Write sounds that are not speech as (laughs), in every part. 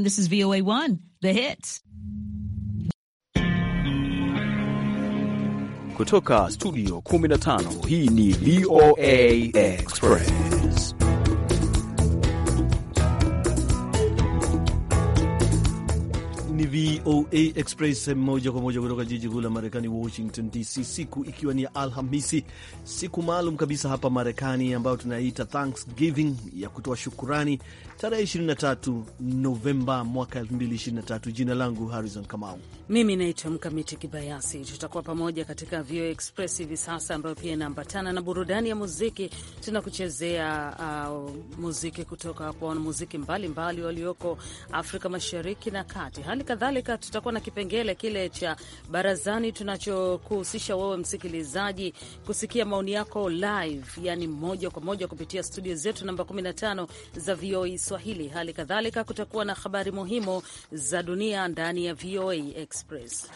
This is voa One, The Hits. Kutoka studio 15 hii ni VOA Express. Ni VOA Express moja kwa moja kutoka jiji kuu la Marekani, Washington DC, siku ikiwa ni Alhamisi, siku maalum kabisa hapa Marekani ambayo tunaita Thanksgiving, ya kutoa shukurani tarehe 23 Novemba mwaka 2023. Jina langu Harrison Kamau, mimi naitwa Mkamiti Kibayasi. Tutakuwa pamoja katika VOA Express hivi sasa, ambayo pia inaambatana na burudani ya muziki. Tunakuchezea uh, muziki kutoka kwa wanamuziki mbalimbali walioko Afrika Mashariki na Kati. Hali kadhalika tutakuwa na kipengele kile cha barazani tunachokuhusisha wewe msikilizaji kusikia maoni yako live, yani moja kwa moja kupitia studio zetu namba 15 za VOA Kiswahili. Hali kadhalika kutakuwa na habari muhimu za dunia ndani ya VOA Express.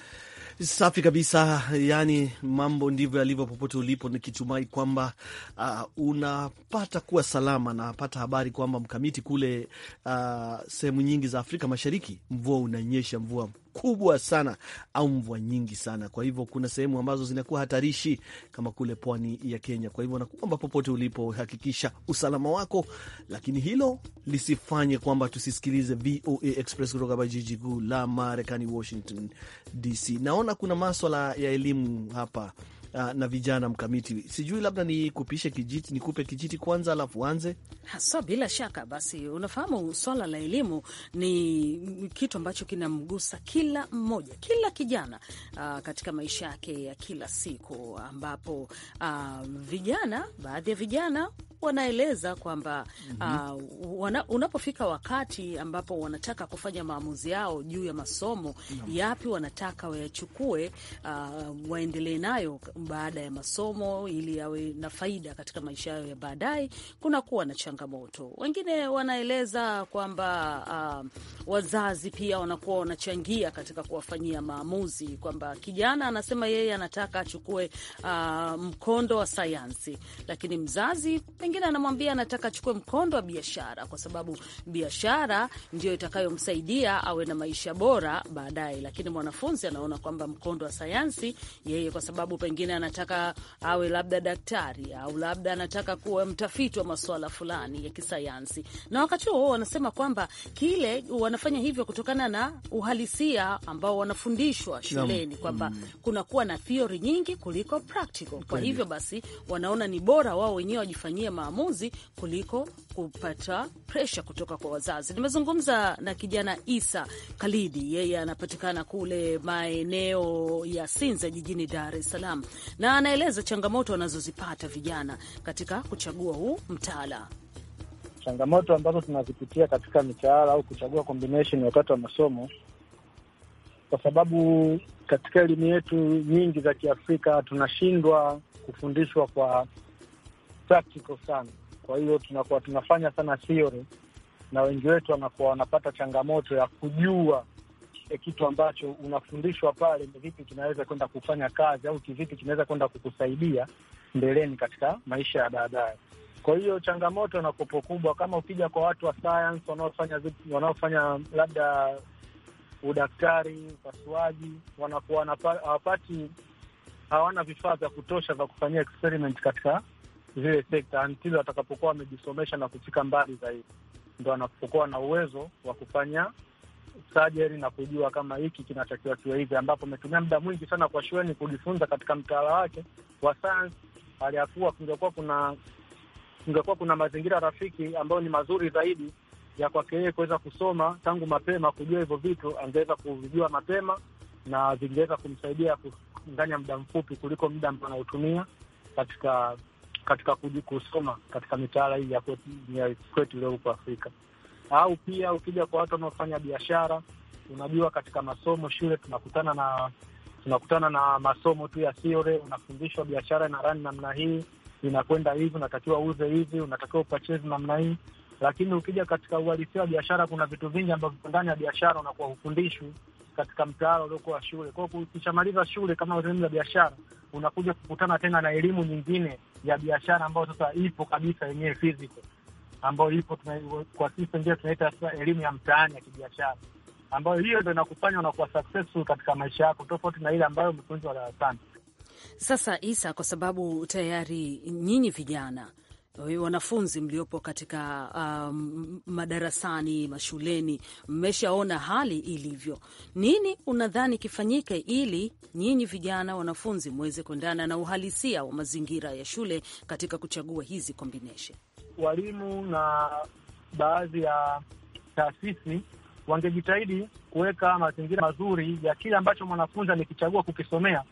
Safi kabisa, yani mambo ndivyo yalivyo popote ulipo, nikitumai kwamba uh, unapata kuwa salama. Napata habari kwamba mkamiti kule uh, sehemu nyingi za Afrika Mashariki mvua unanyesha, mvua kubwa sana au mvua nyingi sana. Kwa hivyo kuna sehemu ambazo zinakuwa hatarishi kama kule pwani ya Kenya. Kwa hivyo nakuomba popote ulipo, hakikisha usalama wako, lakini hilo lisifanye kwamba tusisikilize VOA Express kutoka hapa jiji kuu la Marekani, Washington DC. Naona kuna maswala ya elimu hapa uh, na vijana mkamiti. Sijui labda nikupishe kijiti, nikupe kijiti kwanza alafu uanze haswa. Bila shaka basi, unafahamu swala la elimu ni kitu ambacho kinamgusa kila mmoja, kila kijana uh, katika maisha yake ya kila siku, ambapo uh, vijana, baadhi ya vijana wanaeleza kwamba mm -hmm. uh, wana, unapofika wakati ambapo wanataka kufanya maamuzi yao juu ya masomo mm -hmm. yapi wanataka wayachukue, uh, waendelee nayo baada ya masomo ili yawe na faida katika maisha yao ya baadaye, kuna kuwa na changamoto. Wengine wanaeleza kwamba uh, wazazi pia wanakuwa wanachangia katika kuwafanyia maamuzi, kwamba kijana anasema yeye anataka achukue uh, mkondo wa sayansi, lakini mzazi mwingine anamwambia anataka achukue mkondo wa biashara, kwa sababu biashara ndio itakayomsaidia awe na maisha bora baadaye. Lakini mwanafunzi anaona kwamba mkondo wa sayansi yeye, kwa sababu pengine anataka awe labda daktari au labda anataka kuwa mtafiti wa masuala fulani ya kisayansi. Na wakati huo wanasema kwamba kile wanafanya hivyo kutokana na uhalisia ambao wanafundishwa shuleni kwamba mm, kunakuwa na theory nyingi kuliko practical. Kwa hivyo basi wanaona ni bora wao wenyewe wajifanyie maamuzi kuliko kupata presha kutoka kwa wazazi. Nimezungumza na kijana Isa Kalidi, yeye anapatikana kule maeneo ya Sinza jijini Dar es Salaam, na anaeleza changamoto anazozipata vijana katika kuchagua huu mtaala. Changamoto ambazo tunazipitia katika mitaala au kuchagua combination wakati wa masomo, kwa sababu katika elimu yetu nyingi za Kiafrika tunashindwa kufundishwa kwa practical sana. Kwa hiyo tunakuwa tunafanya sana theory, na wengi wetu wanakuwa wanapata changamoto ya kujua eh, kitu ambacho unafundishwa pale ni vipi kinaweza kwenda kufanya kazi au kivipi kinaweza kwenda kukusaidia mbeleni katika maisha ya baadaye. Kwa hiyo changamoto inakopo kubwa, kama ukija kwa watu wa science wanaofanya wanaofanya labda udaktari, upasuaji, wanakuwa hawapati, hawana vifaa vya kutosha vya kufanyia experiment katika zile sekta until watakapokuwa wamejisomesha na kufika mbali zaidi, ndo wanapokuwa na uwezo wa kufanya sajeri na kujua kama hiki kinatakiwa kiwe hivi, ambapo ametumia muda mwingi sana kwa shuleni kujifunza katika mtaala wake wa sayansi. Aliafua kungekuwa kuna kungekuwa kuna mazingira rafiki ambayo ni mazuri zaidi ya kwake yeye kuweza kusoma tangu mapema, kujua hivyo vitu angeweza kuvijua mapema na vingeweza kumsaidia ndani ya muda mfupi kuliko muda ambao anautumia katika katika kusoma katika mitaala hii ya kwetu leo huko Afrika. Au pia ukija kwa watu wanaofanya biashara, unajua katika masomo shule tunakutana na tunakutana na masomo tu ya theory, unafundishwa biashara rani namna hii, inakwenda hivi, unatakiwa uze hivi, unatakiwa upachezi namna hii. Lakini ukija katika uhalisia wa biashara, kuna vitu vingi ambavyo ndani ya biashara unakuwa hufundishwi katika mtaala uliokuwa shule. Kwa hiyo ukishamaliza shule kama elimu ya biashara, unakuja kukutana tena na elimu nyingine ya biashara ambayo sasa ipo kabisa yenyewe physical, ambayo ipo kwa sisi ndio tunaita sasa elimu ya mtaani ya kibiashara, ambayo hiyo ndo inakufanya unakuwa successful katika maisha yako, tofauti na ile ambayo mfunzi wa darasani. Sasa Isa, kwa sababu tayari nyinyi vijana wanafunzi mliopo katika um, madarasani, mashuleni, mmeshaona hali ilivyo. Nini unadhani kifanyike ili nyinyi vijana wanafunzi mweze kuendana na uhalisia wa mazingira ya shule katika kuchagua hizi combination? Walimu na baadhi ya taasisi wangejitahidi kuweka mazingira mazuri ya kile ambacho mwanafunzi amekichagua kukisomea,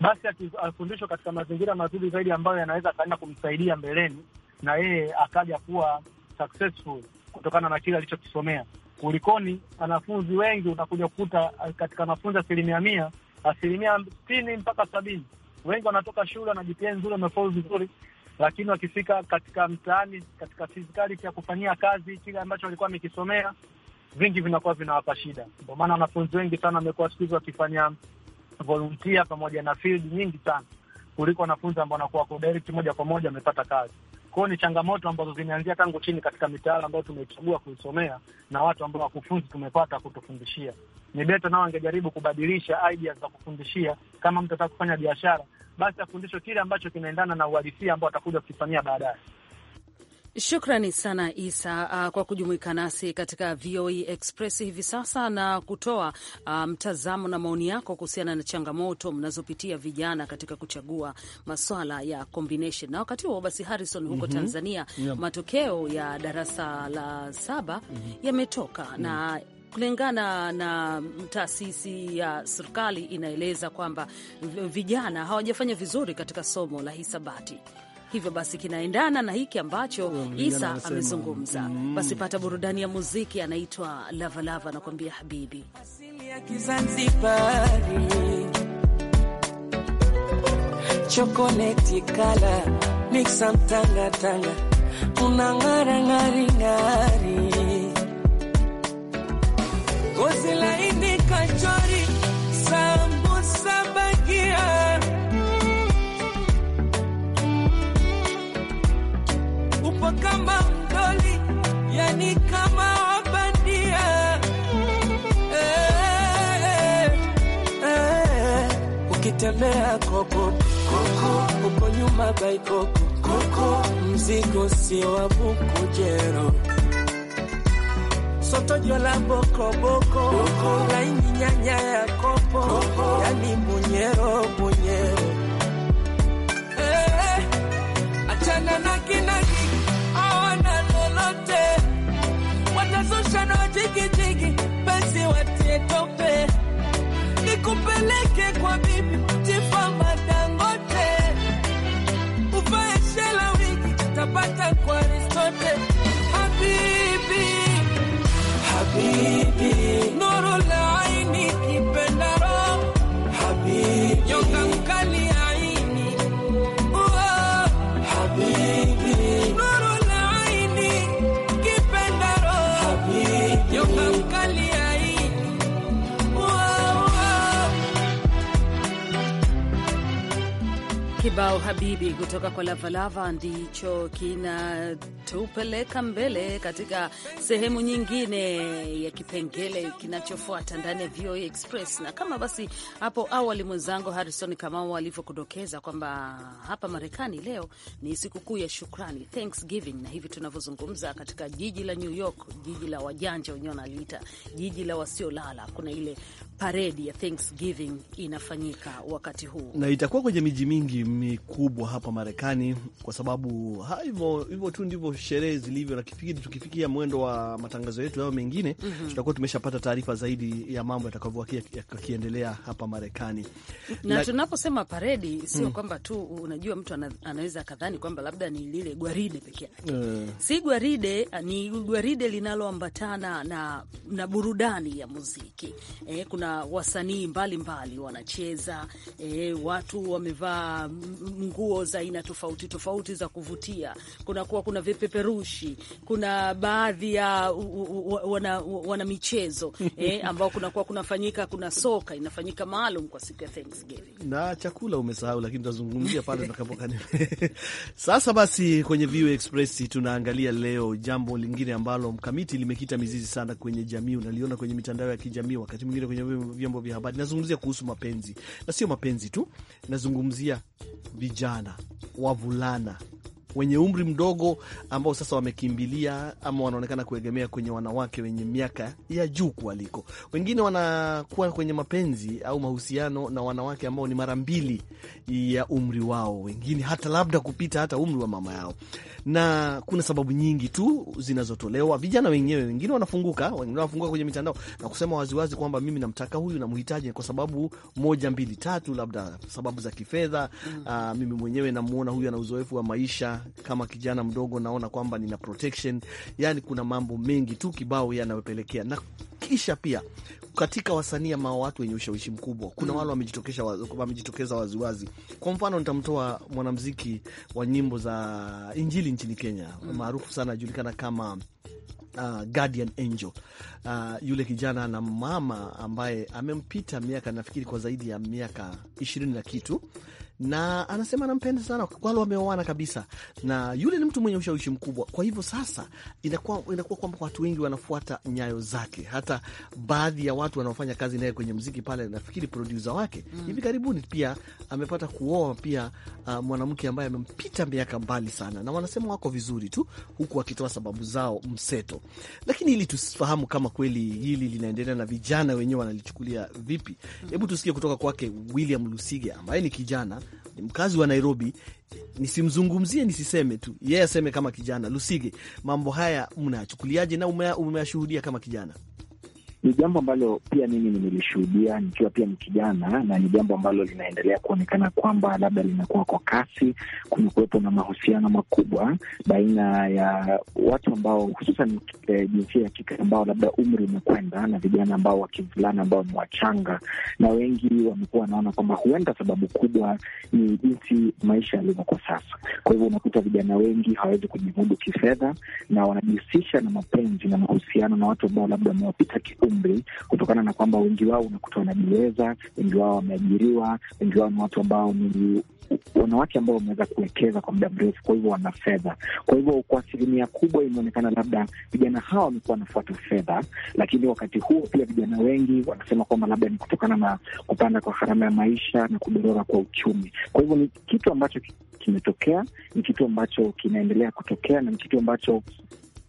basi afundishwa katika mazingira mazuri zaidi ambayo yanaweza kaenda kumsaidia mbeleni na yeye akaja kuwa successful kutokana na kile alichokisomea. Kulikoni wanafunzi wengi unakuja kukuta uh, katika wanafunzi asilimia mia, asilimia hamsini mpaka sabini wengi wanatoka shule wana GPA nzuri, wamefaulu vizuri, lakini wakifika katika mtaani, katika physicality ya kufanyia kazi kile ambacho walikuwa wamekisomea, vingi vinakuwa vinawapa shida. Ndio maana wanafunzi wengi sana wamekuwa siku hizi wakifanya volunteer pamoja na field nyingi sana kuliko wanafunzi ambao wanakuwa direct moja kwa moja wamepata kazi kwao ni changamoto ambazo zimeanzia tangu chini katika mitaala ambayo tumeichagua kuisomea na watu ambao wakufunzi tumepata kutufundishia. Ni beta nao angejaribu kubadilisha ideas za kufundishia. Kama mtu ataka kufanya biashara, basi afundishwe kile ambacho kinaendana na uhalisia ambao atakuja kukifanyia baadaye. Shukrani sana Isa uh, kwa kujumuika nasi katika VOA e Express hivi sasa na kutoa uh, mtazamo um, na maoni yako kuhusiana na changamoto mnazopitia vijana katika kuchagua maswala ya combination. Na wakati huo basi, Harrison, huko mm -hmm. Tanzania yeah. matokeo ya darasa la saba mm -hmm. yametoka mm -hmm. na kulingana na taasisi ya serikali inaeleza kwamba vijana hawajafanya vizuri katika somo la hisabati hivyo basi kinaendana na hiki ambacho Isa amezungumza. Mm. Basi pata burudani ya muziki, anaitwa Lavalava anakuambia habibi asili ya Kizanzibari, chokoleti kala miksa mtangatanga una ng'ara ng'ari ng'ari gozi laini kachori sambusa anakuwa kama mdoli, yani kama wabandia. Hey, eh, eh, hey, eh, hey. Ukitembea koko uko nyuma baikoko koko, mzigo si wa bukujero soto jola bokoboko laini nyanya ya kopo koko, yani bunyero bunyero achana na kinaki Unanizusha na jigijigi, basi watie tope, nikupeleke kwa bibi Tifama Dangote, uvae shela wigi, tapata kwa Aristote. Habibi, habibi, nuru la Kibao habibi kutoka kwa Lavalava ndicho kinatupeleka mbele katika sehemu nyingine ya kipengele kinachofuata ndani ya VOA Express. Na kama basi hapo awali mwenzangu Harrison Kamau alivyokudokeza kwamba hapa Marekani leo ni sikukuu ya shukrani, Thanksgiving, na hivi tunavyozungumza katika jiji la New York, jiji la wajanja wenyewe wanaliita jiji la wasiolala, kuna ile paredi ya Thanksgiving inafanyika wakati huu na itakuwa kwenye miji mingi mikubwa hapa Marekani, kwa sababu hivyo hivyo tu ndivyo sherehe zilivyo, na kifikiri tukifikia mwendo wa matangazo yetu yao mengine mm -hmm. tutakuwa tumeshapata taarifa zaidi ya mambo yatakavyo yakiendelea hapa Marekani na na tunaposema paredi sio mm. kwamba tu unajua mtu anaweza akadhani kwamba labda ni lile gwaride peke yake mm. si gwaride, ni gwaride linaloambatana na, na burudani ya muziki eh, kuna kuna wasanii mbalimbali wanacheza e, watu wamevaa nguo za aina tofauti tofauti za kuvutia. Kunakuwa kuna vipeperushi, kuna baadhi ya wana, wana michezo e, (laughs) ambao kunakuwa kunafanyika, kuna soka inafanyika maalum kwa siku ya Thanksgiving na chakula umesahau, lakini tutazungumzia pale tutakapoka. (laughs) Sasa basi kwenye VOA Express tunaangalia leo jambo lingine ambalo mkamiti limekita mizizi sana kwenye jamii, unaliona kwenye mitandao ya kijamii, wakati mwingine kwenye vyombo vya habari, nazungumzia kuhusu mapenzi na sio mapenzi tu, nazungumzia vijana wavulana wenye umri mdogo ambao sasa wamekimbilia ama wanaonekana kuegemea kwenye wanawake wenye miaka ya juu kuwaliko. Wengine wanakuwa kwenye mapenzi au mahusiano na wanawake ambao ni mara mbili ya umri wao, wengine hata labda kupita hata umri wa mama yao, na kuna sababu nyingi tu zinazotolewa. Vijana wenyewe, wengine wanafunguka, wengine wanafunguka kwenye mitandao na kusema waziwazi kwamba mimi namtaka huyu, namhitaji kwa sababu moja, mbili, tatu, labda sababu za kifedha. Mm. Aa, ah, mimi mwenyewe namuona huyu ana uzoefu wa maisha kama kijana mdogo naona kwamba nina protection, yani kuna mambo mengi tu kibao yanayopelekea na kisha pia katika wasanii ama watu wenye ushawishi mkubwa kuna mm. wale wamejitokeza waziwazi Kwa mfano nitamtoa mwanamuziki wa nyimbo za Injili nchini Kenya mm. maarufu sana julikana kama Uh, Guardian Angel uh, yule kijana na mama ambaye amempita miaka nafikiri kwa zaidi ya miaka ishirini na kitu na anasema anampenda sana, wale wameoana kabisa, na yule ni mtu mwenye ushawishi mkubwa. Kwa hivyo sasa inakuwa inakuwa kwamba watu wengi wanafuata nyayo zake, hata baadhi ya watu wanaofanya kazi naye kwenye mziki pale, nafikiri produsa wake mm. hivi karibuni pia amepata kuoa pia uh, mwanamke ambaye amempita miaka mbali sana, na wanasema wako vizuri tu, huku wakitoa sababu zao mseto. Lakini ili tusifahamu kama kweli hili linaendelea na vijana wenyewe wanalichukulia vipi, mm. hebu mm. tusikie kutoka kwake William Lusige ambaye ni kijana ni mkazi wa Nairobi, nisimzungumzie nisiseme tu yeye, aseme kama kijana Lusige, mambo haya mnayachukuliaje na umeashuhudia kama kijana? ni jambo ambalo pia mimi nimelishuhudia nikiwa pia ni kijana, na ni jambo ambalo linaendelea kuonekana kwamba labda linakuwa kwa kasi. Kumekuwepo na mahusiano makubwa baina ya watu ambao hususan eh, jinsia ya kike ambao labda umri umekwenda na vijana ambao wakivulana ambao ni wachanga, na wengi wamekuwa wanaona kwamba huenda sababu kubwa ni jinsi maisha yalivyo kwa sasa. Kwa hivyo unakuta vijana wengi hawawezi kujimudu kifedha na wanajihusisha na mapenzi na mahusiano na watu ambao labda wamewapita kiu umri, kutokana na kwamba wengi wao unakuta wanajiweza, wengi wao wameajiriwa, wengi wao ni watu ambao ni wanawake ambao wameweza kuwekeza kwa muda mrefu, kwa hivyo wana fedha. Kwa hivyo kwa asilimia kubwa imeonekana labda vijana hawa wamekuwa wanafuata fedha, lakini wakati huo pia vijana wengi wanasema kwamba labda ni kutokana na kupanda kwa gharama ya maisha na kudorora kwa uchumi. Kwa hivyo ni kitu ambacho kimetokea, ni kitu ambacho kinaendelea kutokea na ni kitu ambacho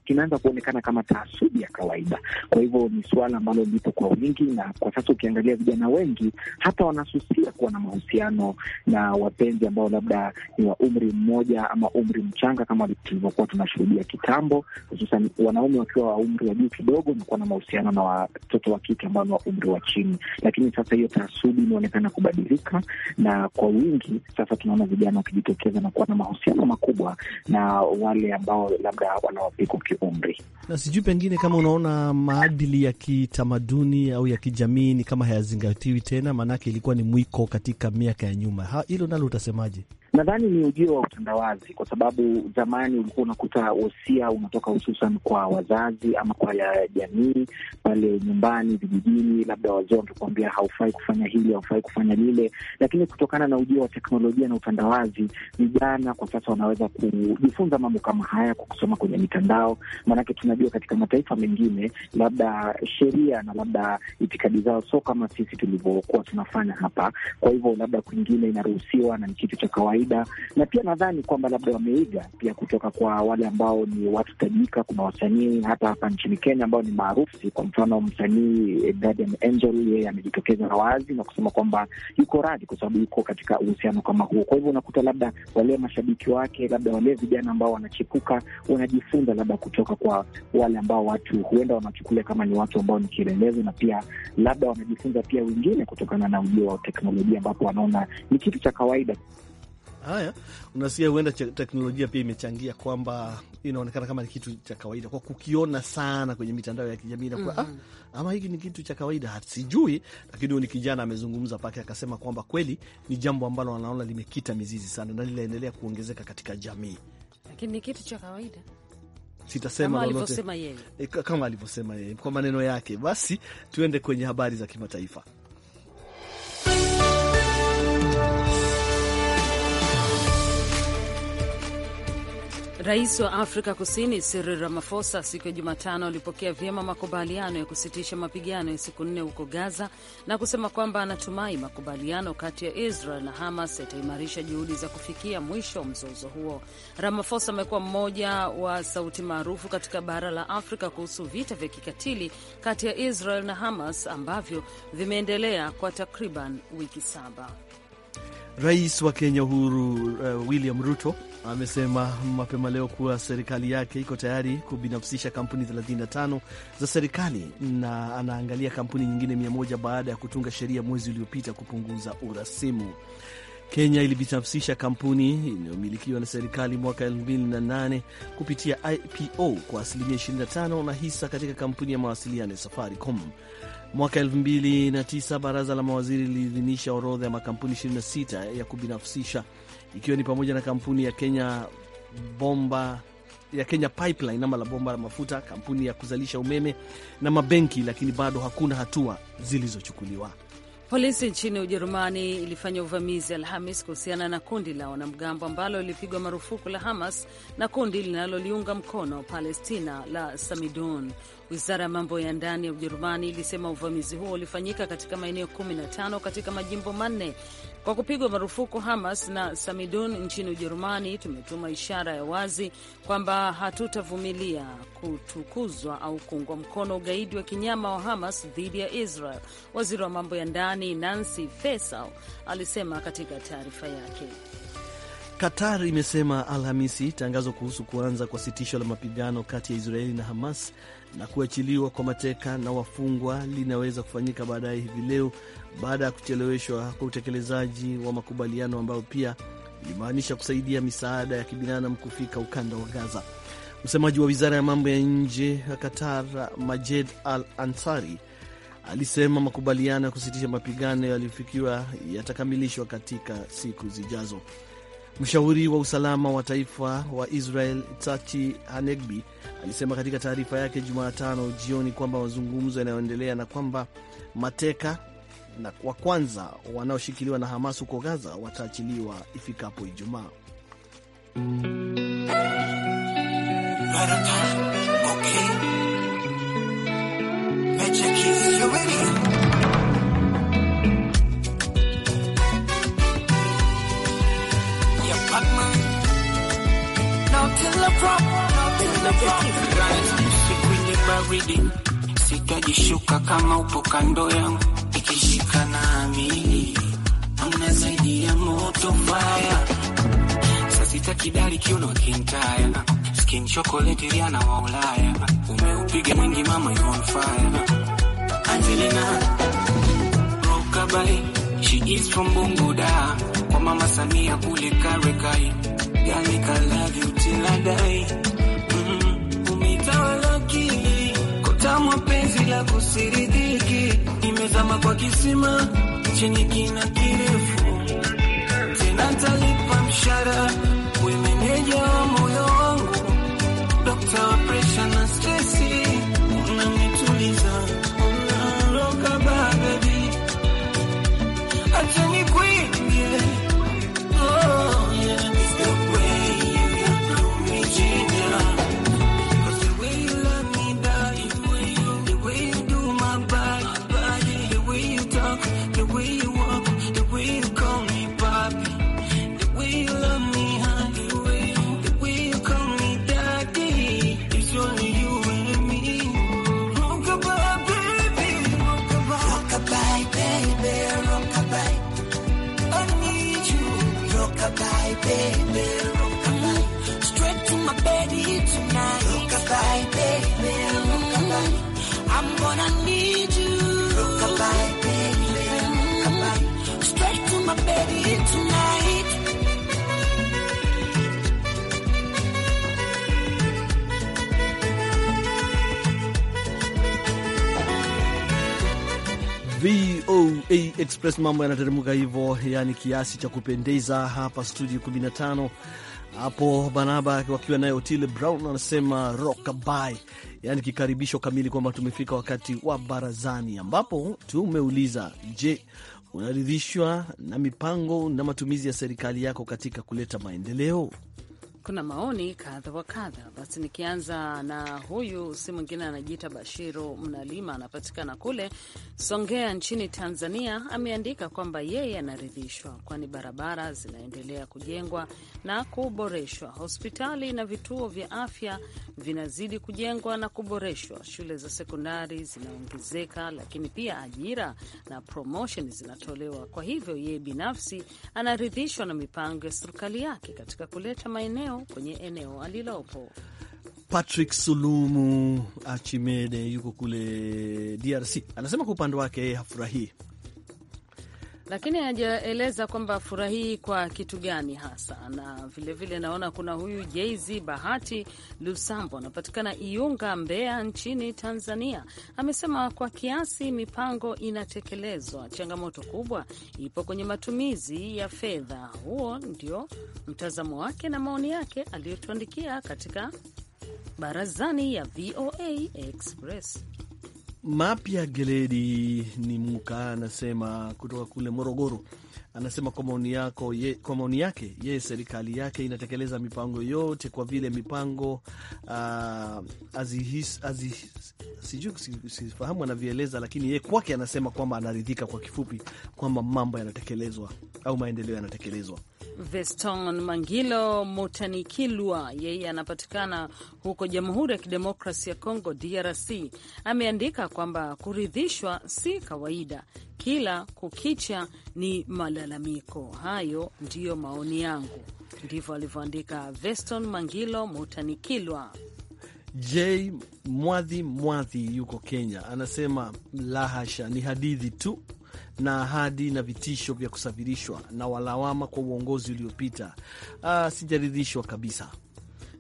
kinaanza kuonekana kama taasubi ya kawaida. Kwa hivyo ni suala ambalo lipo kwa wingi, na kwa sasa ukiangalia vijana wengi hata wanasusia kuwa na mahusiano na wapenzi ambao labda ni wa umri mmoja ama umri mchanga, kama tulivyokuwa tunashuhudia kitambo, hususan wanaume wakiwa wa umri wa juu kidogo, nakuwa na mahusiano na watoto wa kike ambao ni wa umri wa chini. Lakini sasa hiyo taasubi imeonekana kubadilika, na kwa wingi sasa tunaona vijana wakijitokeza na kuwa na mahusiano makubwa na wale ambao labda wanawapiku umri. Na sijui pengine kama unaona maadili ya kitamaduni au ya kijamii ni kama hayazingatiwi tena, maanake ilikuwa ni mwiko katika miaka ya nyuma. Hilo nalo utasemaje? Nadhani ni ujio wa utandawazi, kwa sababu zamani ulikuwa unakuta wosia unatoka hususan kwa wazazi ama kwa ya jamii pale nyumbani, vijijini, labda wazee wangekuambia haufai kufanya hili, haufai kufanya lile, lakini kutokana na ujio wa teknolojia na utandawazi, vijana kwa sasa wanaweza kujifunza mambo kama haya kwa kusoma kwenye mitandao. Maanake tunajua katika mataifa mengine, labda sheria na labda itikadi zao sio kama sisi tulivyokuwa tunafanya hapa, kwa hivyo labda kwingine inaruhusiwa na ni kitu cha kawaida kawaida, na pia nadhani kwamba labda wameiga pia kutoka kwa wale ambao ni watu tajika. Kuna wasanii hata hapa nchini Kenya ambao ni maarufu, kwa mfano msanii Guardian eh, Angel, yeye amejitokeza wazi na kusema kwamba yuko radhi kwa sababu yuko katika uhusiano kama huo. Kwa hivyo unakuta labda wale mashabiki wake, labda wale vijana ambao wanachipuka, wanajifunza labda kutoka kwa wale ambao watu huenda wanachukulia kama ni watu ambao ni kielelezo, na pia labda wanajifunza pia wengine kutokana na ujio wa teknolojia, ambapo wanaona ni kitu cha kawaida haya, unasikia huenda teknolojia pia imechangia kwamba inaonekana kama ni kitu cha kawaida kwa kukiona sana kwenye mitandao ya kijamii mm -hmm. Ah, ama hiki ni kitu cha kawaida sijui, lakini huyu ni kijana amezungumza pake akasema kwamba kweli ni jambo ambalo anaona limekita mizizi sana na linaendelea kuongezeka katika jamii, lakini ni kitu cha kawaida sitasema lolote eh, kama alivyosema yeye kwa maneno yake. Basi tuende kwenye habari za kimataifa. Rais wa Afrika Kusini Cyril Ramaphosa siku ya Jumatano alipokea vyema makubaliano ya kusitisha mapigano ya siku nne huko Gaza na kusema kwamba anatumai makubaliano kati ya Israel na Hamas yataimarisha juhudi za kufikia mwisho wa mzozo huo. Ramaphosa amekuwa mmoja wa sauti maarufu katika bara la Afrika kuhusu vita vya kikatili kati ya Israel na Hamas ambavyo vimeendelea kwa takriban wiki saba. Rais wa Kenya Uhuru uh, William Ruto amesema mapema leo kuwa serikali yake iko tayari kubinafsisha kampuni 35 za serikali na anaangalia kampuni nyingine 100 baada ya kutunga sheria mwezi uliopita kupunguza urasimu. Kenya ilibinafsisha kampuni inayomilikiwa na serikali mwaka 2008 kupitia IPO kwa asilimia 25 na hisa katika kampuni ya mawasiliano ya Safaricom. Mwaka 2009 baraza la mawaziri liliidhinisha orodha ya makampuni 26 ya kubinafsisha ikiwa ni pamoja na kampuni ya Kenya bomba ya Kenya Pipeline ama la bomba la mafuta, kampuni ya kuzalisha umeme na mabenki, lakini bado hakuna hatua zilizochukuliwa. Polisi nchini Ujerumani ilifanya uvamizi Alhamis kuhusiana na kundi la wanamgambo ambalo lilipigwa marufuku la Hamas na kundi linaloliunga mkono Palestina la Samidun. Wizara ya mambo ya ndani ya Ujerumani ilisema uvamizi huo ulifanyika katika maeneo 15 katika majimbo manne. Kwa kupigwa marufuku Hamas na Samidun nchini Ujerumani, tumetuma ishara ya wazi kwamba hatutavumilia kutukuzwa au kuungwa mkono ugaidi wa kinyama wa Hamas dhidi ya Israel, waziri wa mambo ya ndani Nancy Faeser alisema katika taarifa yake. Qatar imesema Alhamisi tangazo kuhusu kuanza kwa sitisho la mapigano kati ya Israeli na Hamas na kuachiliwa kwa mateka na wafungwa linaweza kufanyika baadaye hivi leo baada ya kucheleweshwa kwa utekelezaji wa makubaliano ambayo pia ilimaanisha kusaidia misaada ya kibinadamu kufika ukanda wa Gaza. Msemaji wa wizara ya mambo ya nje ya Qatar, Majed Al Ansari, alisema makubaliano ya kusitisha mapigano yaliyofikiwa yatakamilishwa katika siku zijazo. Mshauri wa usalama wa taifa wa Israel Tachi Hanegbi alisema katika taarifa yake Jumatano jioni kwamba mazungumzo yanayoendelea na kwamba mateka na wa kwanza wanaoshikiliwa na Hamas huko Gaza wataachiliwa ifikapo Ijumaa. kwenye baridi sitajishuka, kama upo kando yangu ikishika na amili amna zaidi ya moto faya sitakidari kiuno kintaya skin chocolate riana wa Ulaya umeupiga mwingi mama you on fire Angelina Rokabai she is from Bunguda kwa mama Samia kule Karekai gani kala madai mm-hmm. umetawala akili kutamwa penzi la kusiridhiki imezama kwa kisima chenye kina kirefu tena talipa mshara wemenyeja wa VOA Express, mambo yanateremka hivyo, yani kiasi cha kupendeza hapa studio 15 hapo Banaba wakiwa naye Otile Brown anasema rokabai, yani kikaribisho kamili kwamba tumefika wakati wa barazani, ambapo tumeuliza je, unaridhishwa na mipango na matumizi ya serikali yako katika kuleta maendeleo? kuna maoni kadha wa kadha. Basi nikianza na huyu, si mwingine anajiita Bashiru Mnalima, anapatikana kule Songea nchini Tanzania. Ameandika kwamba yeye anaridhishwa, kwani barabara zinaendelea kujengwa na kuboreshwa, hospitali na vituo vya afya vinazidi kujengwa na kuboreshwa, shule za sekondari zinaongezeka, lakini pia ajira na promotion zinatolewa. Kwa hivyo yeye binafsi anaridhishwa na mipango ya serikali yake katika kuleta maeneo maendeleo kwenye eneo alilopo. Patrick Sulumu Achimede yuko kule DRC, anasema kwa upande wake yeye hafurahii lakini hajaeleza kwamba furahii kwa kitu gani hasa. Na vilevile vile naona kuna huyu jay Bahati Lusambo anapatikana Iunga, Mbeya nchini Tanzania, amesema kwa kiasi mipango inatekelezwa, changamoto kubwa ipo kwenye matumizi ya fedha. Huo ndio mtazamo wake na maoni yake aliyotuandikia katika barazani ya VOA Express. Mapya Geledi ni Muka anasema kutoka kule Morogoro, Anasema kwa maoni yako ye, kwa maoni yake yeye, serikali yake inatekeleza mipango yote kwa vile mipango uh, sijui sifahamu anavyoeleza, lakini ye kwake anasema kwamba anaridhika kwa kifupi kwamba mambo yanatekelezwa au maendeleo yanatekelezwa. Veston Mangilo Mutanikilwa, yeye anapatikana huko Jamhuri ya Kidemokrasi ya congo DRC, ameandika kwamba kuridhishwa si kawaida kila kukicha ni malalamiko. Hayo ndiyo maoni yangu, ndivyo alivyoandika Veston Mangilo Mutanikilwa. J Mwadhi Mwadhi yuko Kenya, anasema lahasha, ni hadithi tu na ahadi na vitisho vya kusafirishwa na walawama kwa uongozi uliopita. Ah, sijaridhishwa kabisa.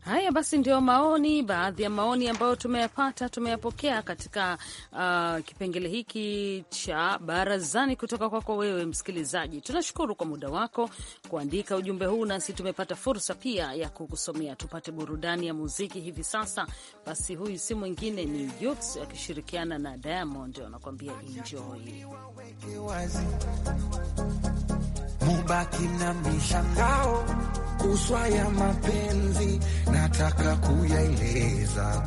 Haya basi, ndio maoni, baadhi ya maoni ambayo tumeyapata, tumeyapokea katika uh, kipengele hiki cha barazani kutoka kwako wewe msikilizaji. Tunashukuru kwa muda wako kuandika ujumbe huu, nasi tumepata fursa pia ya kukusomea. Tupate burudani ya muziki hivi sasa. Basi huyu si mwingine ni Jux akishirikiana na Diamond, wanakuambia enjoy nabaki na mishangao kuswa ya mapenzi, nataka kuyaeleza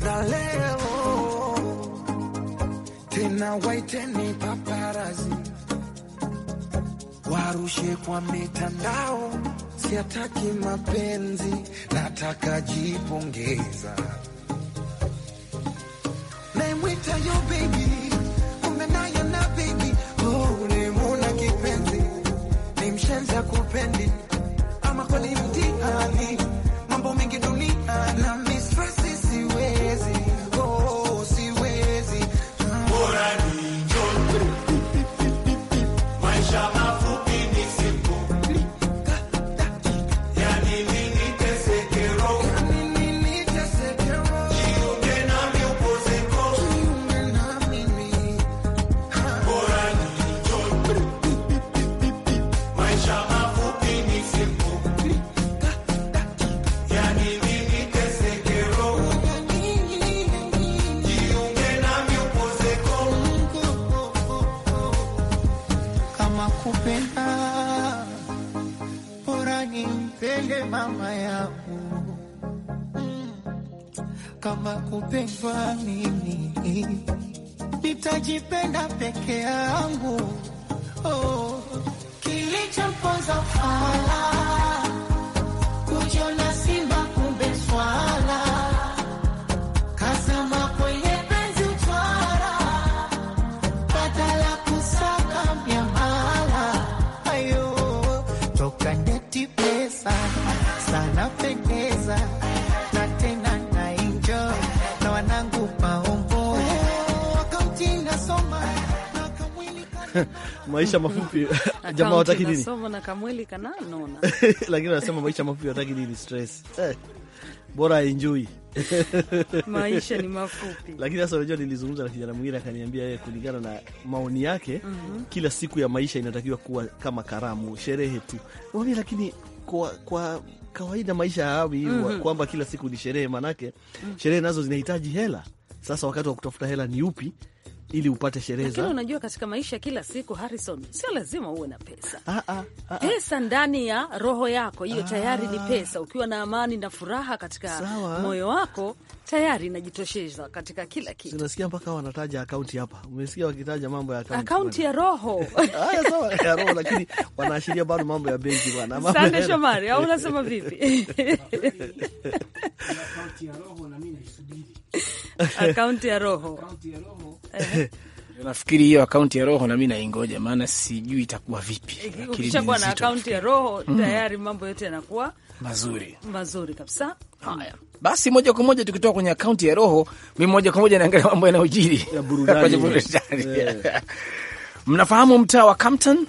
na leo tena, waiteni paparazi warushe kwa mitandao, siataki mapenzi, nataka jipongeza, naimwita yo baby Nitakupendi ama kwa nini kupendwa mimi, nitajipenda peke yangu. Oh, kilichoponza fala maisha mafupi (laughs) jamaa wataki nini? (laughs) Lakini wanasema maisha mafupi wataki nini? stress eh. bora enjoy (laughs) maisha ni mafupi. Lakini sasa unajua, nilizungumza na kijana mwingine akaniambia yeye, kulingana na maoni yake mm -hmm. kila siku ya maisha inatakiwa kuwa kama karamu, sherehe tu wami, lakini kwa, kwa kawaida maisha hayawi mm -hmm. kwamba kila siku ni sherehe, maanake mm -hmm. sherehe nazo zinahitaji hela. Sasa wakati wa kutafuta hela ni upi? ili upate sherehe. Lakini unajua katika maisha kila siku, Harrison, sio lazima uwe na pesa. ah, ah, ah, ah. pesa ndani ya roho yako hiyo ah, tayari ni ah. pesa. Ukiwa na amani na furaha katika sawa, moyo wako tayari inajitosheza katika kila kitu. Unasikia mpaka wanataja akaunti hapa, umesikia wakitaja mambo ya akaunti, akaunti ya roho (laughs) haya sawa, ya roho lakini wanaashiria bado mambo ya benki bwana. Sande Shomari, au unasema vipi? (laughs) akaunti ya roho Nafikiri hiyo akaunti ya roho nami naingoja, maana sijui itakuwa vipi. Eh, ukishakuwa na akaunti ya roho hmm. tayari mambo yote yanakuwa mazuri mazuri kabisa. Hmm. Haya basi, moja kwa moja tukitoka kwenye akaunti ya roho, mi moja kwa moja naangalia mambo yanayojiri (laughs) ya burudani. Eh. (laughs) Mnafahamu mtaa wa Compton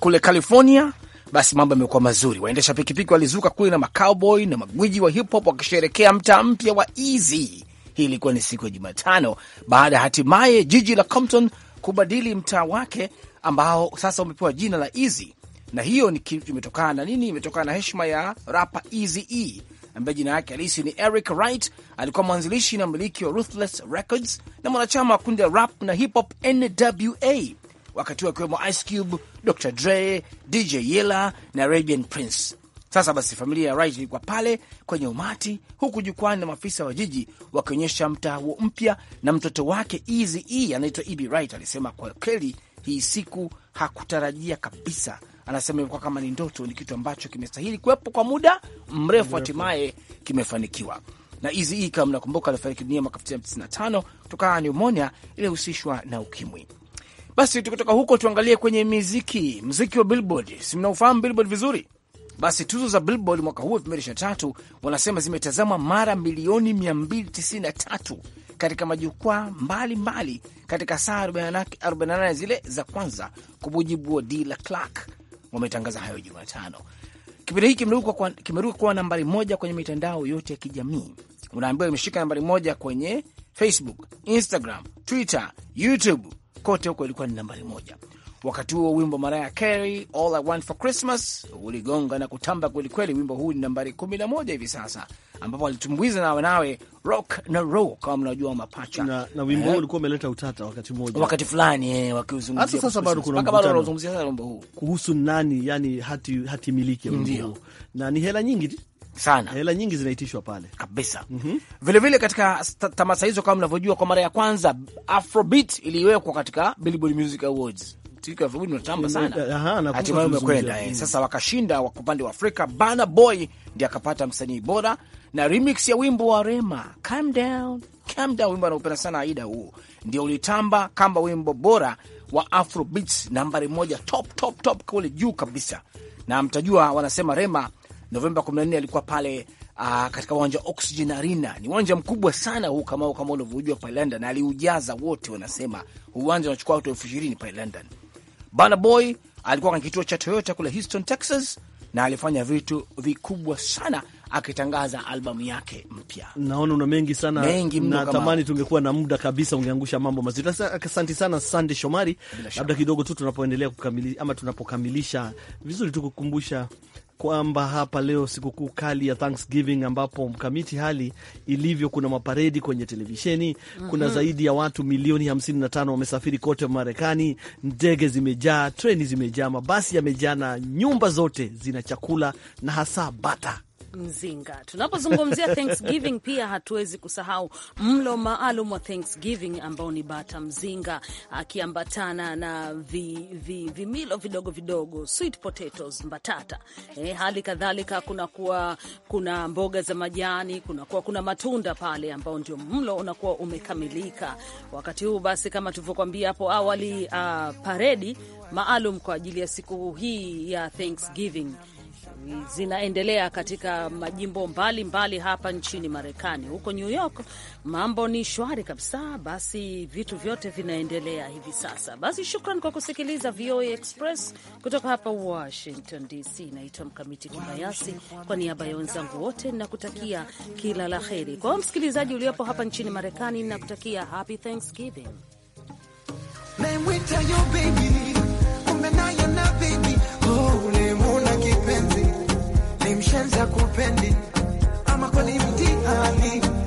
kule California? Basi mambo yamekuwa mazuri. Waendesha pikipiki walizuka kule na macowboy na magwiji wa hip hop wakisherekea mtaa mpya wa Easy hii ilikuwa ni siku ya Jumatano baada ya hatimaye jiji la Compton kubadili mtaa wake ambao sasa umepewa jina la Easy, na hiyo imetokana na nini? Imetokana na heshima ya rapa Easy E ambaye jina yake halisi ni Eric Wright. Alikuwa mwanzilishi na mmiliki wa Ruthless Records na mwanachama wa kundi la rap na hip hop NWA, wakati akiwemo Ice Cube, Dr Dre, DJ Yella na Arabian Prince. Sasa basi, familia ya Wright ilikuwa pale kwenye umati, huku jukwani na maafisa wa jiji wakionyesha mtaa huo mpya, na mtoto wake Eazy-E anaitwa Ebi Wright alisema kwa kweli hii siku hakutarajia kabisa. Anasema imekuwa kama ni ndoto, ni kitu ambacho kimestahili kuwepo kwa muda mrefu, hatimaye kimefanikiwa. Na Eazy-E kama mnakumbuka, alifariki dunia mwaka 1995 kutokana na pneumonia iliyohusishwa na ukimwi. Basi tukitoka huko tuangalie kwenye miziki, mziki wa Billboard. Si mnaufahamu Billboard vizuri? Basi tuzo za Billboard mwaka huu 2023 wanasema zimetazamwa mara milioni 293 katika majukwaa mbalimbali katika saa 48 zile za kwanza, kwa mujibu wa D la Clark. Wametangaza hayo Jumatano. Kipindi hiki kimeruka kuwa nambari moja kwenye mitandao yote ya kijamii. Unaambiwa imeshika nambari moja kwenye Facebook, Instagram, Twitter, YouTube, kote huko ilikuwa ni nambari moja. Wakati huo wimbo Mariah Carey All I Want for Christmas uligonga na kutamba kwelikweli. Wimbo huu ni nambari 11 hivi sasa, ambapo alitumbuiza na wanawe Rock na Roll, kama mnajua mapacha na, na wimbo huu eh? ulikuwa umeleta utata wakati mmoja, wakati fulani eh, wakiuzungumzia. Hata sasa bado kuna mpaka bado wanazungumzia wimbo huu kuhusu nani, yani hati hati miliki ya wimbo huu, na ni hela nyingi sana hela nyingi zinaitishwa pale kabisa. mm -hmm. Vile vile katika tamasha hizo, kama mnavyojua, kwa mara ya kwanza Afrobeat iliwekwa katika Billboard Music Awards mtiririko wa vibuli unatamba sana, hatimaye umekwenda sasa. Wakashinda upande wa Afrika, Bana Boy ndi akapata msanii bora na remix ya wimbo wa Rema calm down, calm down, wimbo anaupenda sana Aida, huo ndio ulitamba kama wimbo bora wa Afrobeats nambari moja, top top top kule juu kabisa. Na mtajua wanasema Rema Novemba 14 alikuwa pale Aa, ah, katika uwanja Oxygen Arena ni uwanja mkubwa sana huu, kama kama unavyojua pale London, aliujaza wote, wanasema uwanja unachukua watu elfu ishirini pale London. Burna Boy alikuwa kwenye kituo cha Toyota kule Houston, Texas na alifanya vitu vikubwa sana akitangaza albamu yake mpya. Naona una mengi sana, mengi Natamani tungekuwa na muda kabisa, ungeangusha mambo mazito. Asante sana Sande Shomari. Labda kidogo tu tunapoendelea kukamilisha ama tunapokamilisha vizuri, tu kukumbusha kwamba hapa leo sikukuu kali ya Thanksgiving, ambapo mkamiti hali ilivyo, kuna maparedi kwenye televisheni mm -hmm. Kuna mm-hmm. zaidi ya watu milioni 55 wamesafiri kote Marekani, ndege zimejaa, treni zimejaa, mabasi yamejaa, na nyumba zote zina chakula na hasa bata Mzinga. Tunapozungumzia (laughs) Thanksgiving pia hatuwezi kusahau mlo maalum wa Thanksgiving ambao ni bata mzinga akiambatana na vimilo vi, vi vidogo vidogo, sweet potatoes, mbatata e, hali kadhalika kunakuwa kuna mboga za majani, kunakuwa kuna matunda pale, ambao ndio mlo unakuwa umekamilika wakati huu. Basi kama tulivyokwambia hapo awali, uh, paredi maalum kwa ajili ya siku hii ya Thanksgiving zinaendelea katika majimbo mbalimbali mbali hapa nchini Marekani. Huko New York mambo ni shwari kabisa, basi vitu vyote vinaendelea hivi sasa. Basi shukran kwa kusikiliza VOA Express kutoka hapa Washington DC. Naitwa Mkamiti Kibayasi, kwa niaba ya wenzangu wote nakutakia kila la heri. Kwa msikilizaji uliopo hapa nchini Marekani, nakutakia happy Thanksgiving. chanza kupendi ama kweli mtihani